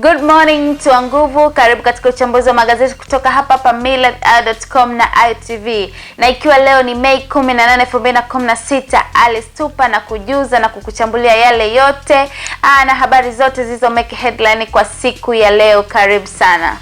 Good morning tua nguvu, karibu katika uchambuzi wa magazeti kutoka hapa hapa millardayo.com na ITV. Na ikiwa leo ni Mei 18, 2016, alistupa na kujuza na kukuchambulia yale yote aa, ah, na habari zote zilizo make headline kwa siku ya leo. Karibu sana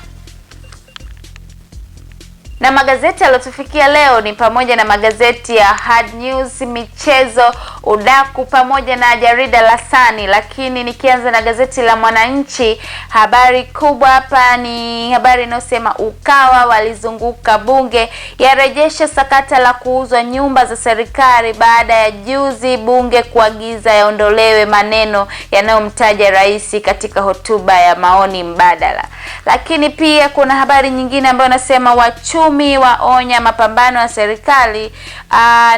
na magazeti yaliyotufikia leo ni pamoja na magazeti ya Hard News, michezo udaku pamoja na jarida la Sani. Lakini nikianza na gazeti la Mwananchi, habari kubwa hapa ni habari inayosema Ukawa walizunguka bunge, yarejesha sakata la kuuzwa nyumba za serikali baada ya juzi bunge kuagiza yaondolewe maneno yanayomtaja rais katika hotuba ya maoni mbadala. Lakini pia kuna habari nyingine ambayo inasema wachumi waonya mapambano ya serikali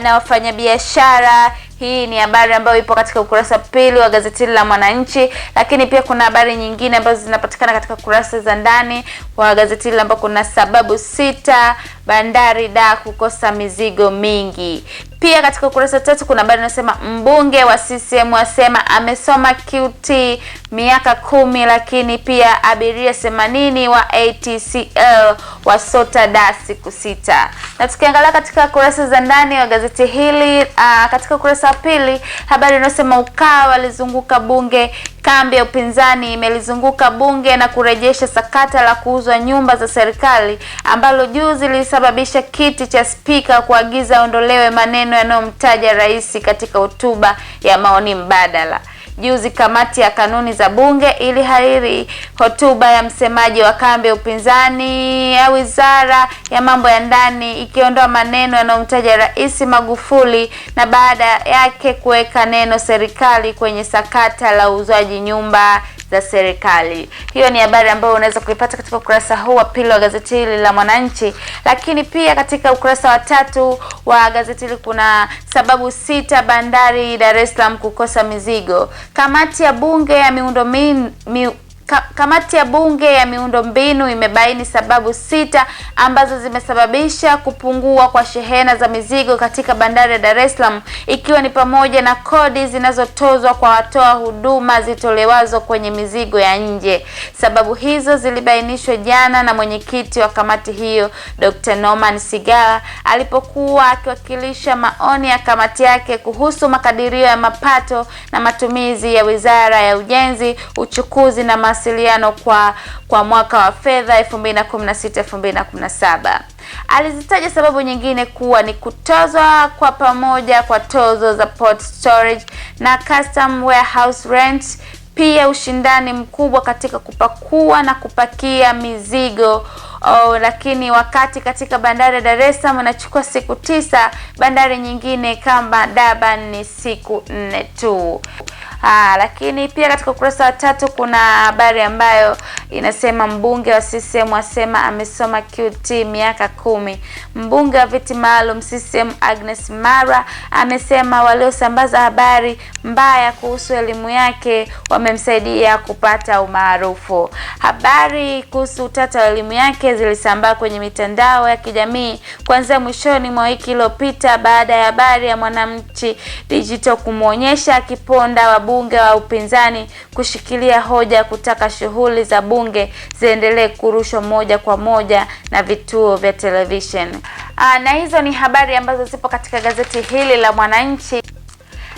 na wafanyabiashara hii ni habari ambayo ipo katika ukurasa pili wa gazeti la Mwananchi, lakini pia kuna habari nyingine ambazo zinapatikana katika kurasa za ndani wa gazeti hili ambapo kuna sababu sita bandari da kukosa mizigo mingi. Pia katika ukurasa tatu kuna habari inasema mbunge wa CCM asema amesoma QT miaka kumi, lakini pia abiria 80 wa ATCL wasota da siku sita. Na tukiangalia katika kurasa za ndani wa gazeti hili, aa, ah, katika ukurasa wa pili habari inayosema Ukawa walizunguka bunge Kambi ya upinzani imelizunguka bunge na kurejesha sakata la kuuzwa nyumba za serikali ambalo juzi lilisababisha kiti cha spika kuagiza ondolewe maneno yanayomtaja rais katika hotuba ya maoni mbadala juzi kamati ya kanuni za bunge ilihariri hotuba ya msemaji wa kambi ya upinzani ya Wizara ya Mambo ya Ndani ikiondoa maneno yanayomtaja Rais Magufuli na baada yake kuweka neno serikali kwenye sakata la uuzaji nyumba za serikali. Hiyo ni habari ambayo unaweza kuipata katika ukurasa huu wa pili wa gazeti hili la Mwananchi, lakini pia katika ukurasa wa tatu wa gazeti hili kuna sababu sita bandari Dar es Salaam kukosa mizigo. Kamati ya bunge ya miundombinu kamati ya bunge ya miundombinu imebaini sababu sita ambazo zimesababisha kupungua kwa shehena za mizigo katika bandari ya Dar es Salaam ikiwa ni pamoja na kodi zinazotozwa kwa watoa huduma zitolewazo kwenye mizigo ya nje. Sababu hizo zilibainishwa jana na mwenyekiti wa kamati hiyo Dr. Norman Sigala alipokuwa akiwakilisha maoni ya kamati yake kuhusu makadirio ya mapato na matumizi ya Wizara ya Ujenzi, Uchukuzi na mas mawasiliano kwa kwa mwaka wa fedha 2016 2017. Alizitaja sababu nyingine kuwa ni kutozwa kwa pamoja kwa tozo za port storage na custom warehouse rent, pia ushindani mkubwa katika kupakua na kupakia mizigo. Oh, lakini wakati katika bandari ya Dar es Salaam inachukua siku tisa, bandari nyingine kama Durban ni siku nne tu. Aa, lakini pia katika ukurasa wa tatu kuna habari ambayo inasema mbunge wa CCM asema amesoma QT miaka kumi. Mbunge wa viti maalum CCM Agnes Mara amesema waliosambaza habari mbaya kuhusu elimu yake wamemsaidia kupata umaarufu. Habari kuhusu utata wa elimu yake zilisambaa kwenye mitandao ya kijamii kuanzia mwishoni mwa wiki iliyopita baada ya habari ya Mwananchi Digital kumwonyesha akiponda wabu wabunge wa upinzani kushikilia hoja ya kutaka shughuli za bunge ziendelee kurushwa moja kwa moja na vituo vya televisheni. Ah, na hizo ni habari ambazo zipo katika gazeti hili la Mwananchi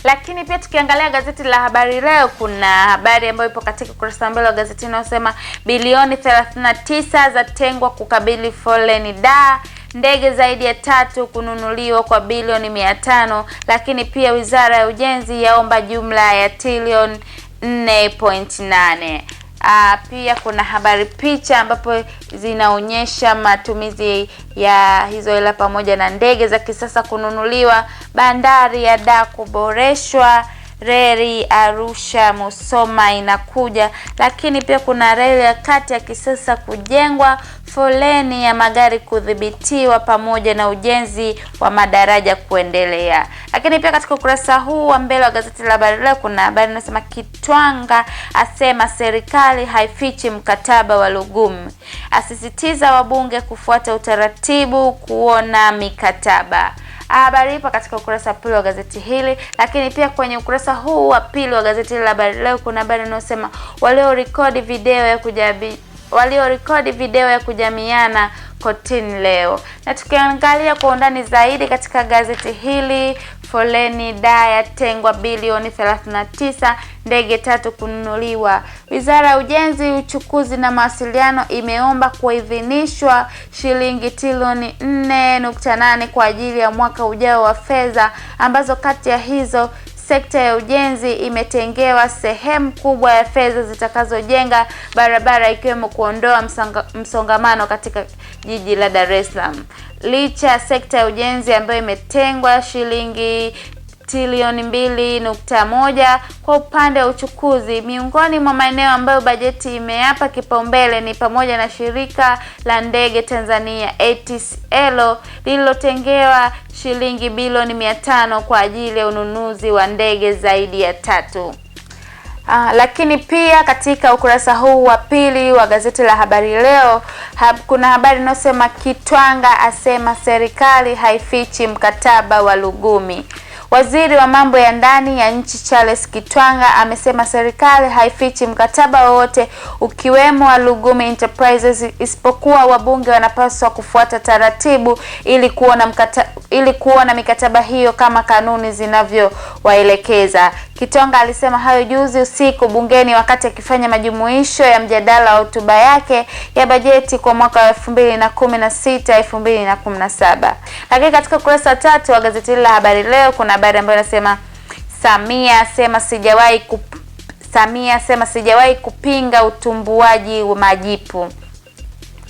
lakini pia tukiangalia gazeti la Habari Leo kuna habari ambayo ipo katika ukurasa wa mbele wa gazeti inayosema bilioni 39 zatengwa kukabili foleni da ndege zaidi ya tatu kununuliwa kwa bilioni mia tano, lakini pia Wizara ya Ujenzi yaomba jumla ya trilioni 4.8. Uh, ah, pia kuna habari picha ambapo zinaonyesha matumizi ya hizo hela pamoja na ndege za kisasa kununuliwa, bandari ya Dar kuboreshwa reli Arusha Musoma inakuja, lakini pia kuna reli ya kati ya kisasa kujengwa, foleni ya magari kudhibitiwa, pamoja na ujenzi wa madaraja kuendelea. Lakini pia katika ukurasa huu wa mbele wa gazeti la Habari Leo kuna habari inasema Kitwanga asema serikali haifichi mkataba wa Lugumi, asisitiza wabunge kufuata utaratibu kuona mikataba habari ipo katika ukurasa wa pili wa gazeti hili, lakini pia kwenye ukurasa huu wa pili wa gazeti hili la habari leo kuna habari inayosema waliorekodi video ya kujabi waliorekodi video ya kujamiana kotini leo. Na tukiangalia kwa undani zaidi katika gazeti hili foleni daa yatengwa bilioni 39, ndege tatu kununuliwa. Wizara ya Ujenzi, Uchukuzi na Mawasiliano imeomba kuidhinishwa shilingi trilioni 4.8 kwa ajili ya mwaka ujao wa fedha, ambazo kati ya hizo sekta ya ujenzi imetengewa sehemu kubwa ya fedha zitakazojenga barabara ikiwemo kuondoa msongamano katika jiji la Dar es Salaam licha ya sekta ya ujenzi ambayo imetengwa shilingi trilioni mbili nukta moja kwa upande wa uchukuzi. Miongoni mwa maeneo ambayo bajeti imeyapa kipaumbele ni pamoja na shirika la ndege Tanzania ATCL lililotengewa shilingi bilioni mia tano kwa ajili ya ununuzi wa ndege zaidi ya tatu. Aa, ah, lakini pia katika ukurasa huu wa pili wa gazeti la Habari Leo hab, kuna habari inayosema Kitwanga asema serikali haifichi mkataba wa Lugumi. Waziri wa mambo ya ndani ya nchi Charles Kitwanga amesema serikali haifichi mkataba wowote ukiwemo wa Lugumi Enterprises isipokuwa wabunge wanapaswa kufuata taratibu ili kuona mkata, ili kuona mikataba hiyo kama kanuni zinavyowaelekeza. Kitonga alisema hayo juzi usiku bungeni wakati akifanya majumuisho ya mjadala wa hotuba yake ya bajeti kwa mwaka wa 2016 2017. Lakini katika ukurasa wa tatu wa gazeti hili la Habari Leo kuna habari ambayo inasema Samia asema sijawahi kup... Samia sema sijawahi kupinga utumbuaji wa majipu.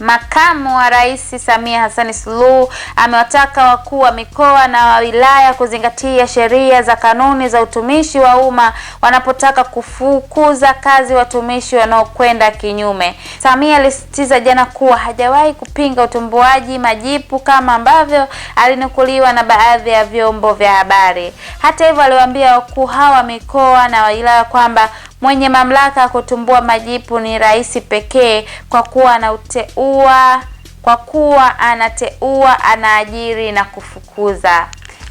Makamu wa Rais Samia Hassan Suluhu amewataka wakuu wa mikoa na wa wilaya kuzingatia sheria za kanuni za utumishi wa umma wanapotaka kufukuza kazi watumishi wanaokwenda kinyume. Samia alisisitiza jana kuwa hajawahi kupinga utumbuaji majipu kama ambavyo alinukuliwa na baadhi ya vyombo vya habari. Hata hivyo, aliwaambia wakuu hawa wa mikoa na wa wilaya kwamba mwenye mamlaka ya kutumbua majipu ni rais pekee, kwa kuwa anauteua, kwa kuwa anateua, anaajiri na kufukuza.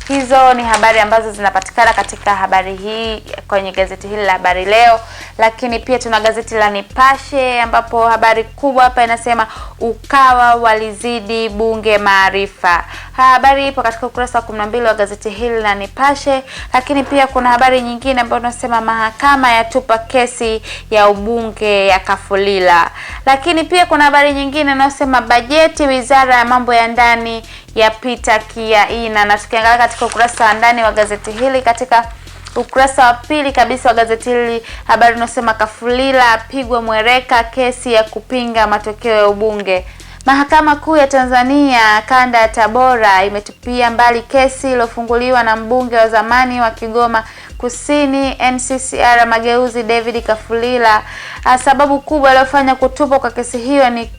Hizo ni habari ambazo zinapatikana katika habari hii kwenye gazeti hili la Habari Leo, lakini pia tuna gazeti la Nipashe ambapo habari kubwa hapa inasema Ukawa walizidi bunge maarifa. Habari ipo katika ukurasa wa 12 wa gazeti hili la Nipashe, lakini pia kuna habari nyingine ambayo inasema mahakama yatupa kesi ya ubunge ya Kafulila, lakini pia kuna habari nyingine inayosema bajeti wizara ya mambo ya ndani yapita kiaina, na tukiangalia katika ukurasa wa ndani wa gazeti hili katika ukurasa wa pili kabisa wa gazeti hili habari inasema Kafulila apigwa mwereka kesi ya kupinga matokeo ya ubunge. Mahakama Kuu ya Tanzania kanda ya Tabora imetupia mbali kesi iliyofunguliwa na mbunge wa zamani wa Kigoma Kusini NCCR Mageuzi David Kafulila. Ah, sababu kubwa iliyofanya kutupwa kwa kesi hiyo ni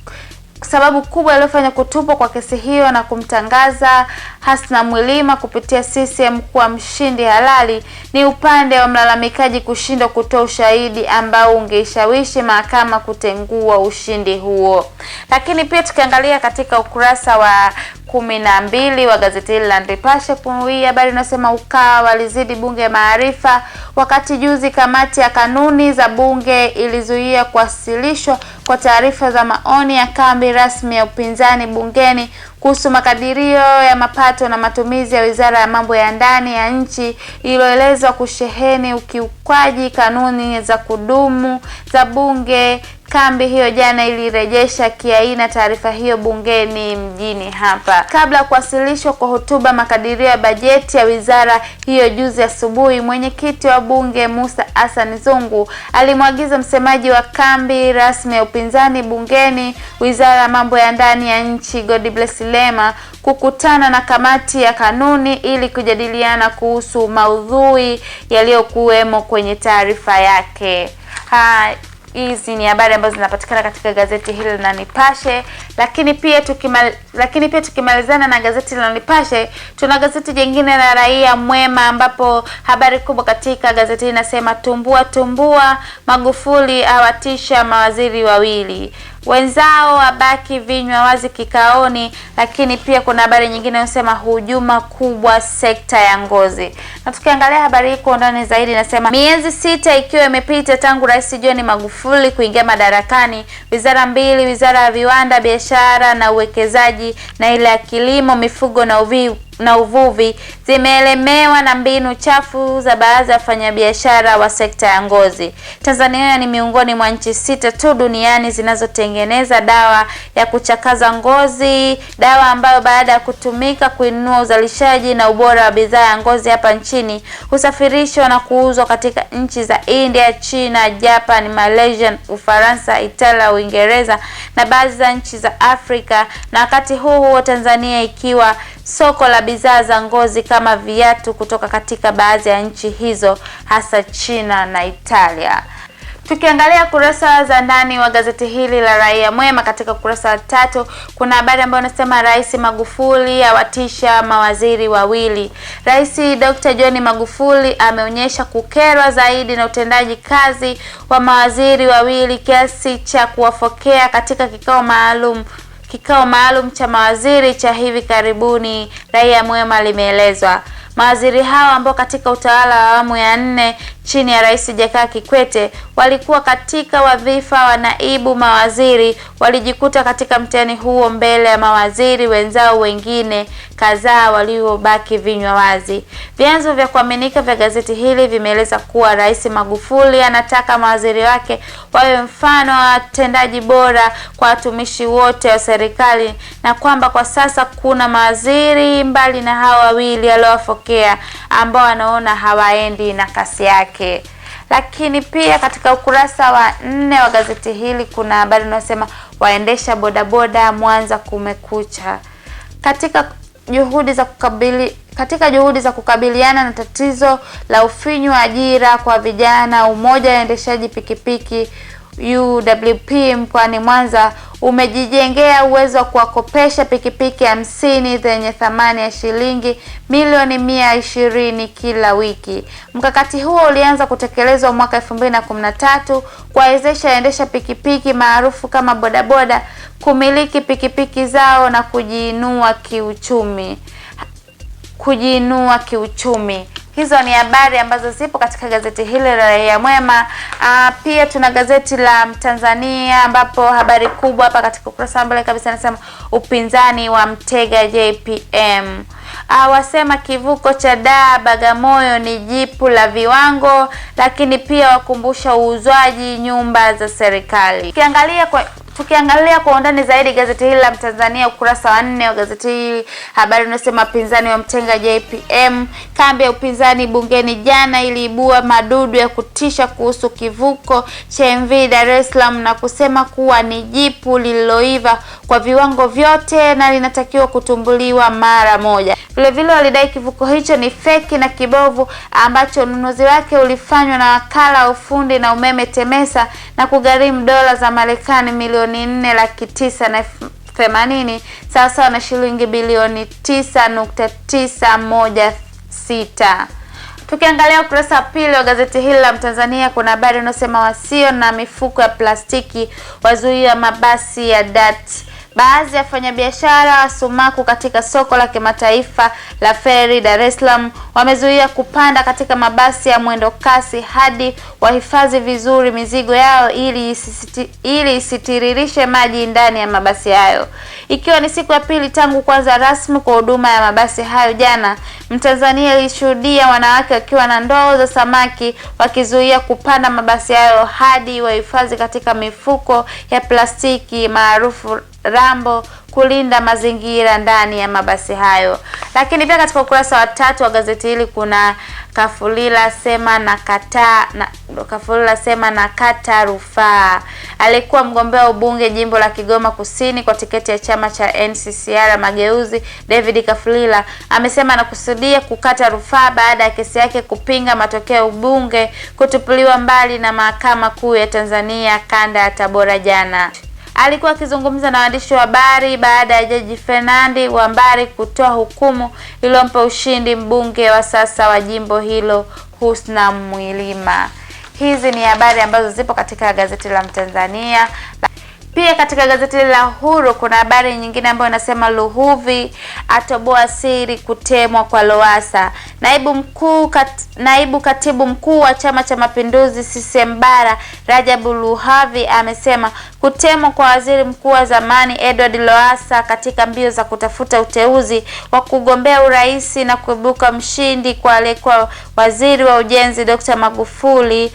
sababu kubwa iliyofanya kutupwa kwa kesi hiyo na kumtangaza Hasna Mwilima kupitia CCM kuwa mshindi halali ni upande wa mlalamikaji kushindwa kutoa ushahidi ambao ungeishawishi mahakama kutengua ushindi huo. Lakini pia tukiangalia katika ukurasa wa kumi na mbili wa gazeti hili la Nipashe hii habari inasema Ukawa walizidi bunge maarifa. Wakati juzi kamati ya kanuni za bunge ilizuia kuwasilishwa kwa taarifa za maoni ya kambi rasmi ya upinzani bungeni kuhusu makadirio ya mapato na matumizi ya Wizara ya Mambo ya Ndani ya nchi iliyoelezwa kusheheni ukiukwaji kanuni za kudumu za bunge Kambi hiyo jana ilirejesha kiaina taarifa hiyo bungeni mjini hapa. Kabla ya kuwasilishwa kwa hotuba makadirio ya bajeti ya wizara hiyo juzi asubuhi, mwenyekiti wa bunge Musa Hassan Zungu alimwagiza msemaji wa kambi rasmi ya upinzani bungeni, wizara ya mambo ya ndani ya nchi, Godbless Lema kukutana na kamati ya kanuni ili kujadiliana kuhusu maudhui yaliyokuwemo kwenye taarifa yake. Hai. Hizi ni habari ambazo zinapatikana katika gazeti hili la Nipashe, lakini pia tukimal, lakini pia tukimalizana na gazeti la Nipashe tuna gazeti jingine la Raia Mwema, ambapo habari kubwa katika gazeti hili inasema tumbua tumbua, Magufuli awatisha mawaziri wawili wenzao wabaki vinywa wazi kikaoni. Lakini pia kuna habari nyingine inayosema hujuma kubwa sekta ya ngozi, na tukiangalia habari hii kwa undani zaidi inasema miezi sita ikiwa imepita tangu Rais John Magufuli kuingia madarakani, wizara mbili, wizara ya viwanda, biashara na uwekezaji na ile ya kilimo, mifugo na uvuvi na uvuvi zimeelemewa na mbinu chafu za baadhi ya wafanyabiashara wa sekta ya ngozi. Tanzania ni miongoni mwa nchi sita tu duniani zinazotengeneza dawa ya kuchakaza ngozi, dawa ambayo baada ya kutumika kuinua uzalishaji na ubora wa bidhaa ya ngozi hapa nchini husafirishwa na kuuzwa katika nchi za India, China, Japan, Malaysia, Ufaransa, Italia, Uingereza na baadhi za nchi za Afrika, na wakati huu huo Tanzania ikiwa soko la bidhaa za ngozi kama viatu kutoka katika baadhi ya nchi hizo hasa China na Italia. Tukiangalia kurasa za ndani wa gazeti hili la Raia Mwema, katika kurasa wa tatu kuna habari ambayo inasema Rais Magufuli awatisha mawaziri wawili. Rais Dr. John Magufuli ameonyesha kukerwa zaidi na utendaji kazi wa mawaziri wawili kiasi cha kuwafokea katika kikao maalum Kikao maalum cha mawaziri cha hivi karibuni, raia mwema limeelezwa. Mawaziri hao ambao katika utawala wa awamu ya nne chini ya Rais Jakaya Kikwete walikuwa katika wadhifa wa naibu mawaziri walijikuta katika mtihani huo mbele ya mawaziri wenzao wengine kadhaa waliobaki vinywa wazi. Vyanzo vya kuaminika vya gazeti hili vimeeleza kuwa Rais Magufuli anataka mawaziri wake wawe mfano wa watendaji bora kwa watumishi wote wa serikali na kwamba kwa sasa kuna mawaziri mbali na hawa wawili aliowafokea ambao anaona hawaendi na kasi yake yake. Lakini pia katika ukurasa wa nne wa gazeti hili kuna habari inayosema waendesha bodaboda Mwanza kumekucha. Katika juhudi za kukabili katika juhudi za kukabiliana na tatizo la ufinyu wa ajira kwa vijana, umoja wa waendeshaji pikipiki UWP mkoani Mwanza umejijengea uwezo wa kuwakopesha pikipiki hamsini zenye thamani ya shilingi milioni mia ishirini kila wiki. Mkakati huo ulianza kutekelezwa mwaka 2013 kuwawezesha endesha pikipiki maarufu kama bodaboda kumiliki pikipiki zao na kujiinua kiuchumi, kujiinua kiuchumi. Hizo ni habari ambazo zipo katika gazeti hili la Raia Mwema. Uh, pia tuna gazeti la Mtanzania ambapo habari kubwa hapa katika ukurasa wa mbele kabisa nasema upinzani wa mtega JPM awasema ah, kivuko cha daa Bagamoyo ni jipu la viwango, lakini pia wakumbusha uuzwaji nyumba za serikali. Ukiangalia kwa tukiangalia kwa undani zaidi gazeti hili la Mtanzania ukurasa wa nne wa gazeti hili habari unasema pinzani wa mtenga JPM. Kambi ya upinzani bungeni jana iliibua madudu ya kutisha kuhusu kivuko cha MV Dar es Salaam na kusema kuwa ni jipu lililoiva kwa viwango vyote na linatakiwa kutumbuliwa mara moja. Vilevile walidai kivuko hicho ni feki na kibovu ambacho ununuzi wake ulifanywa na wakala wa ufundi na umeme TEMESA na kugharimu dola za Marekani milioni nne laki tisa na themanini sawasawa na shilingi bilioni tisa nukta tisa moja sita. Tukiangalia ukurasa wa pili wa gazeti hili la Mtanzania kuna habari unaosema wasio na mifuko ya plastiki wazuia mabasi ya DAT. Baadhi ya wafanyabiashara wa sumaku katika soko la kimataifa la Feri Dar es Salaam wamezuia kupanda katika mabasi ya mwendo kasi hadi wahifadhi vizuri mizigo yao ili ili isitiririshe maji ndani ya mabasi hayo. Ikiwa ni siku ya pili tangu kuanza rasmi kwa huduma ya mabasi hayo, jana Mtanzania ilishuhudia wanawake wakiwa na ndoo za samaki wakizuia kupanda mabasi hayo hadi wahifadhi katika mifuko ya plastiki maarufu rambo kulinda mazingira ndani ya mabasi hayo. Lakini pia katika ukurasa wa tatu wa gazeti hili kuna Kafulila sema na kata na Kafulila sema na kata rufaa. Alikuwa mgombea ubunge jimbo la Kigoma Kusini kwa tiketi ya chama cha NCCR Mageuzi, David Kafulila amesema anakusudia kukata rufaa baada ya kesi yake kupinga matokeo ya ubunge kutupuliwa mbali na mahakama kuu ya Tanzania kanda ya Tabora jana. Alikuwa akizungumza na waandishi wa habari baada ya Jaji Fernandi Wambari kutoa hukumu iliyompa ushindi mbunge wa sasa wa jimbo hilo Husna Mwilima. Hizi ni habari ambazo zipo katika gazeti la Mtanzania. Pia katika gazeti la Huru kuna habari nyingine ambayo inasema Luhuvi atoboa siri kutemwa kwa Lowassa. Naibu mkuu kat, naibu katibu mkuu wa Chama cha Mapinduzi CCM Bara Rajabu Luhavi amesema kutemwa kwa waziri mkuu wa zamani Edward Lowassa katika mbio za kutafuta uteuzi wa kugombea urais na kuibuka mshindi kwa aliyekuwa waziri wa ujenzi Dr. Magufuli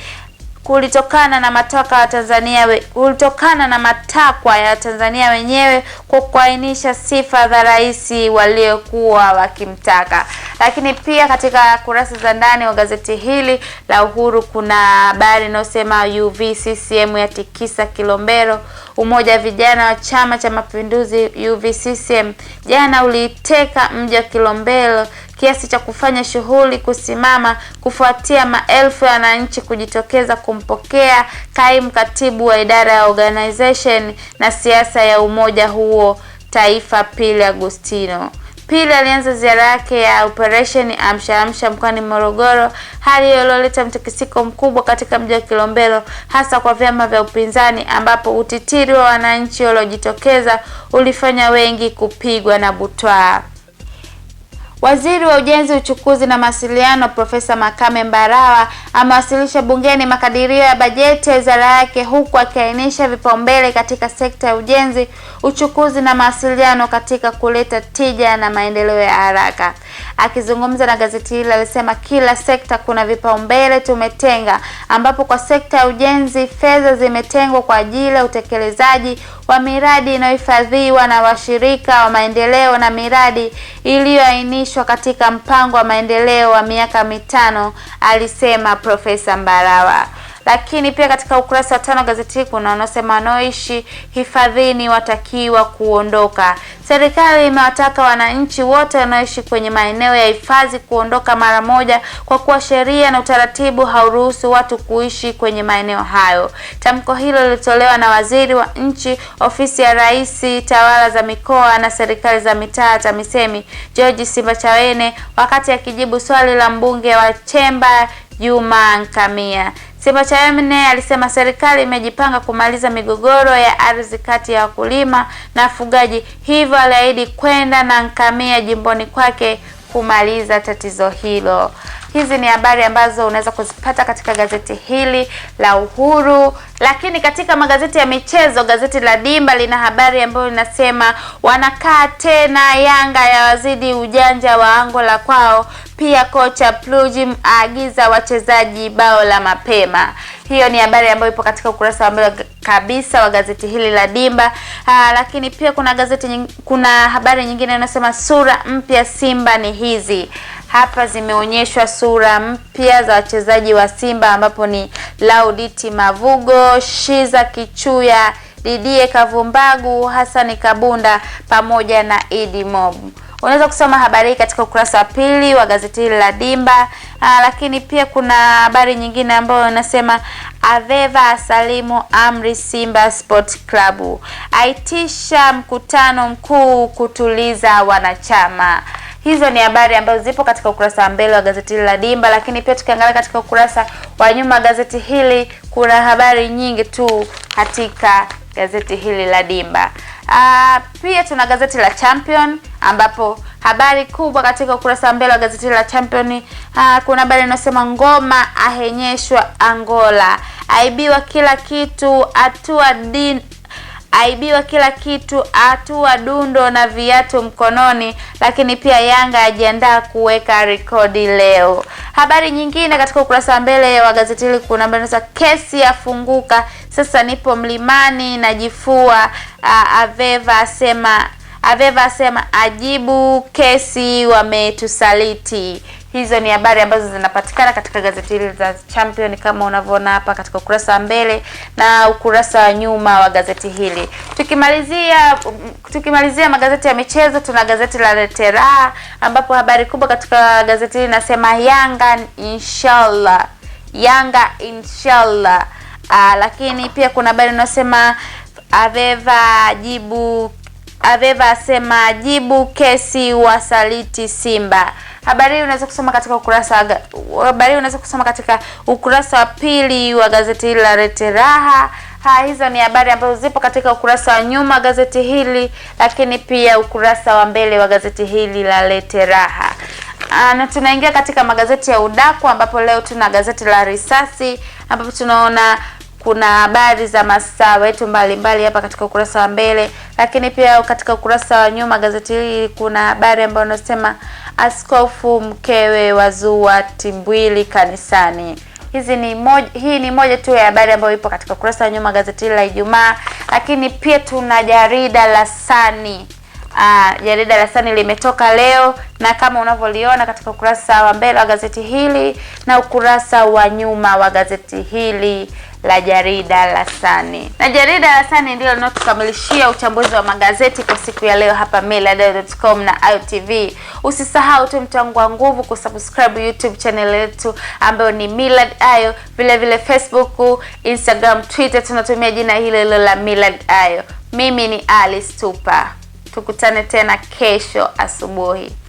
kulitokana na matakwa ya Tanzania we, kulitokana na matakwa ya Tanzania wenyewe kwa kuainisha sifa za rais waliokuwa wakimtaka. Lakini pia katika kurasa za ndani wa gazeti hili la Uhuru kuna habari inayosema UVCCM yatikisa Kilombero. Umoja wa vijana wa Chama cha Mapinduzi UVCCM jana uliiteka mji wa Kilombero kiasi cha kufanya shughuli kusimama kufuatia maelfu ya wananchi kujitokeza kumpokea kaimu katibu wa idara ya organization na siasa ya umoja huo taifa Pili Agustino. Pili alianza ziara yake ya operation amsha amsha mkoani Morogoro, hali iliyoleta mtikisiko mkubwa katika mji wa Kilombero, hasa kwa vyama vya upinzani, ambapo utitiri wa wananchi waliojitokeza ulifanya wengi kupigwa na butwaa. Waziri wa Ujenzi, Uchukuzi na Mawasiliano Profesa Makame Mbarawa amewasilisha bungeni makadirio ya bajeti ya wizara yake huku akiainisha vipaumbele katika sekta ya ujenzi, uchukuzi na mawasiliano katika kuleta tija na maendeleo ya haraka. Akizungumza na gazeti hili alisema kila sekta kuna vipaumbele tumetenga, ambapo kwa sekta ya ujenzi fedha zimetengwa kwa ajili ya utekelezaji wa miradi inayohifadhiwa na washirika wa maendeleo na miradi iliyoainishwa katika mpango wa maendeleo wa miaka mitano, alisema Profesa Mbarawa. Lakini pia katika ukurasa wa tano gazeti kuna wanaosema wanaoishi hifadhini watakiwa kuondoka. Serikali imewataka wananchi wote wanaoishi kwenye maeneo ya hifadhi kuondoka mara moja, kwa kuwa sheria na utaratibu hauruhusu watu kuishi kwenye maeneo hayo. Tamko hilo lilitolewa na waziri wa nchi ofisi ya Rais, tawala za mikoa na serikali za mitaa, TAMISEMI, George Simbachawene wakati akijibu swali la mbunge wa Chemba Juma Nkamia. Simbachawene naye alisema serikali imejipanga kumaliza migogoro ya ardhi kati ya wakulima na wafugaji, hivyo aliahidi kwenda na nkamia jimboni kwake kumaliza tatizo hilo. Hizi ni habari ambazo unaweza kuzipata katika gazeti hili la Uhuru, lakini katika magazeti ya michezo, gazeti la Dimba lina habari ambayo inasema wanakaa tena, Yanga yawazidi ujanja wa Angola kwao. Pia kocha Plujim aagiza wachezaji bao la mapema. Hiyo ni habari ambayo ipo katika ukurasa wa mbele kabisa wa gazeti hili la Dimba. Aa, ah, lakini pia kuna gazeti nying, kuna habari nyingine inasema sura mpya Simba ni hizi. Hapa zimeonyeshwa sura mpya za wachezaji wa Simba ambapo ni Lauditi Mavugo, Shiza Kichuya, Didie Kavumbagu, Hasani Kabunda pamoja na Idi Mob. Unaweza kusoma habari hii katika ukurasa wa pili wa gazeti hili la Dimba. Aa, ah, lakini pia kuna habari nyingine ambayo inasema Aveva asalimu amri Simba Sport Club, aitisha mkutano mkuu kutuliza wanachama. Hizo ni habari ambazo zipo katika ukurasa wa mbele wa gazeti la Dimba, lakini pia tukiangalia katika ukurasa wa nyuma gazeti hili kuna habari nyingi tu katika gazeti hili la Dimba. Uh, pia tuna gazeti la Champion ambapo habari kubwa katika ukurasa wa mbele wa gazeti la Champion uh, kuna habari inayosema Ngoma ahenyeshwa Angola, aibiwa kila kitu, atua din aibiwa kila kitu, atua dundo na viatu mkononi, lakini pia Yanga ajiandaa kuweka rekodi leo. Habari nyingine katika ukurasa wa mbele wa gazeti hili kuna habari kesi yafunguka, sasa nipo mlimani najifua. Aveva asema Aveva asema ajibu kesi wametusaliti. Hizo ni habari ambazo zinapatikana katika gazeti hili la Champion kama unavyoona hapa katika ukurasa wa mbele na ukurasa wa nyuma wa gazeti hili. Tukimalizia tukimalizia magazeti ya michezo, tuna gazeti la Letera ambapo habari kubwa katika gazeti hili inasema Yanga inshallah, Yanga inshallah. Aa, ah, lakini pia kuna habari inasema Aveva jibu Aveva asema ajibu kesi wasaliti Simba. Habari hii unaweza kusoma katika ukurasa habari hii unaweza kusoma katika ukurasa wa pili wa gazeti hili la Lete Ha, hizo ni habari ambazo zipo katika ukurasa wa nyuma gazeti hili, lakini pia ukurasa wa mbele wa gazeti hili la Lete ah, na tunaingia katika magazeti ya udaku ambapo leo tuna gazeti la Risasi ambapo tunaona kuna habari za mastaa wetu mbalimbali hapa katika ukurasa wa mbele, lakini pia katika ukurasa wa nyuma gazeti hili kuna habari ambayo inasema askofu mkewe wazua timbwili kanisani. Hizi ni moja, hii ni moja tu ya habari ambayo ipo katika ukurasa wa nyuma gazeti la Ijumaa, lakini pia tuna jarida la Sani. Aa, ah, jarida la Sani limetoka leo na kama unavyoliona katika ukurasa wa mbele wa gazeti hili na ukurasa wa nyuma wa gazeti hili la jarida la Sani, na jarida la Sani ndilo linalotukamilishia uchambuzi wa magazeti kwa siku ya leo hapa millardayo.com na iotv Usisahau tu mtangu wa nguvu kusubscribe YouTube channel yetu ambayo ni Millard Ayo, vile vile Facebook, Instagram, Twitter tunatumia jina hilo hilo la Millard Ayo. Mimi ni Alice Tupa, tukutane tena kesho asubuhi.